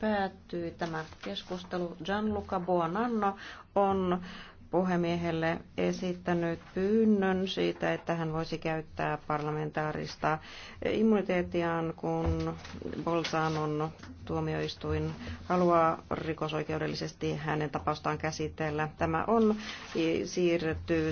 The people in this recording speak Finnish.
päättyy tämä keskustelu. Gianluca Buonanno on puhemiehelle esittänyt pyynnön siitä, että hän voisi käyttää parlamentaarista immuniteettiaan, kun Bolzanon tuomioistuin haluaa rikosoikeudellisesti hänen tapaustaan käsitellä. Tämä on siirretty